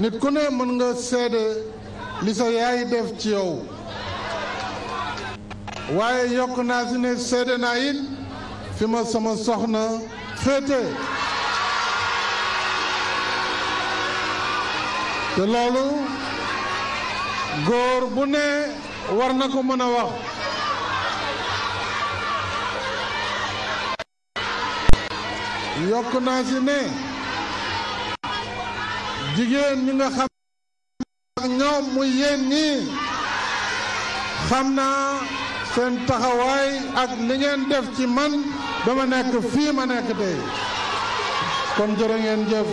nit ku ne mën nga seede li sa yaay def ci yow waaye yokk naa si ne seede naa it fi ma sama soxna féete te loolu góor bu ne war na ko mën a wax yokk naa si ne jigéen ñi nga xam ak ñoom muy yéen naa seen taxawaay ak li ngeen def ci man ba ma nekk fii ma nekk tey kon jërë ngeen jëf